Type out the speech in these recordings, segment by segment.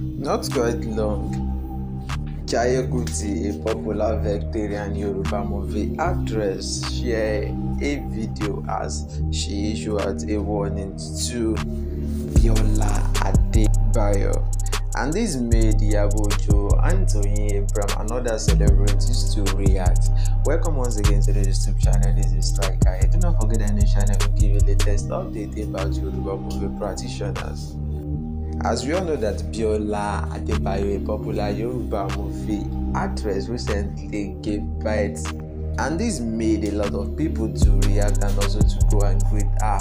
Not quite long, Jaya Kuti, a popular vegetarian Yoruba movie actress, shared a video as she issued a warning to Biola Adebayo. And this made Yabojo, Anthony Abram, and other celebrities to react. Welcome once again to the YouTube channel. This is Striker. Do not forget that the channel will give you the latest update about Yoruba movie practitioners. As we all know that Biola Adebayo, a popular Yoruba movie actress, recently gave birth, and this made a lot of people to react and also to go and greet her.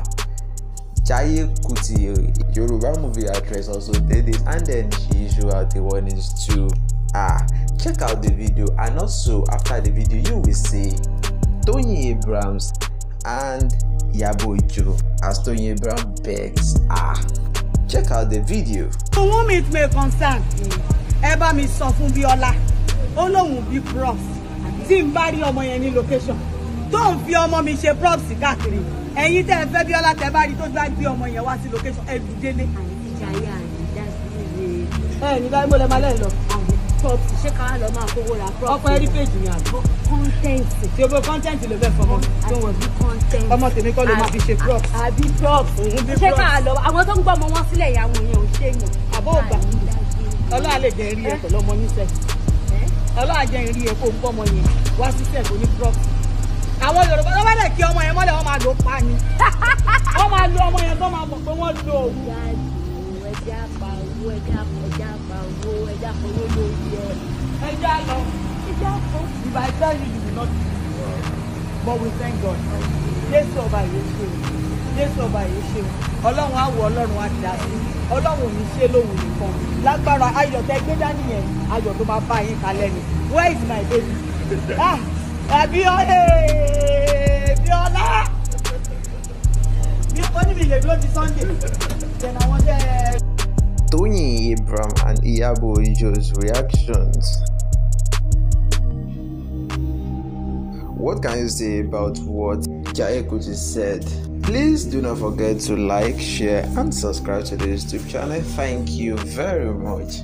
Jaye Kuti, Yoruba movie actress, also did it, and then she issued out the warnings to her. Check out the video, and also after the video, you will see Tony Abrams and Yabo Ijo as Tony Abrams begs her check out the video. to whom it may concern ẹ bá mi sọ fún Bíọ́lá ó lóun bí tí n bá rí ọmọ yẹn ní location tó ń fi ọmọ mi ṣe props káàkiri ẹ̀yin tẹ́ ẹ fẹ́ Bíọ́lá tẹ́ bá rí tó bá gbé ọmọ yẹn wá sí location ẹ lù délé. ẹ ní báyìí mo lè máa lẹ́yìn lọ. ṣé ká lọ máa kówó ra props. ọkọ ẹ rí sí. ṣé o bó kọ́ńtẹ́ǹtì ló fẹ́ fọmọ. ọmọ tèmi kọ́ ló máa fi ṣe props. àbí props. òun bí props. ṣé ká lọ àwọn tó ń gbọ́ ọmọ wọn sílẹ̀ ìyá wọn yẹn ò ṣe yàn. àbó ògbà ọlọ́wà lè jẹ́ rí ẹ̀kọ́ lọ́mọ níṣẹ́ ọlọ́wà jẹ́ rí ẹ̀kọ́ ń bọ́mọ yẹn wá síṣẹ́ kò ní props. àwọn Yorùbá tó bá dẹ̀ kí ọmọ yẹn mọ́lẹ̀ wọ́n máa lò pa ni wọ́n máa lo ọmọ yẹn tó máa mọ̀ pé wọ́n lo òun. ẹ not But we thank God. Jésù ọba yìí ṣe o. Jésù ọba yìí ṣe o. Ọlọ́run á wọ Ọlọ́run á dá sí. Ọlọ́run tẹ gbé dání yẹn. Ayọ̀ tó máa bá yín kalẹ̀ ni. Where is my baby? Ah! Abíọ́lẹ̀! Bíọ́lá! Bí ó ní mi lè dúró di Sunday. Then I want to... Eh. Tony Abraham and Iyabo Ojo's reactions what can you say about what Jai Kuti said? Please do not forget to like, share, and subscribe to the YouTube channel. Thank you very much.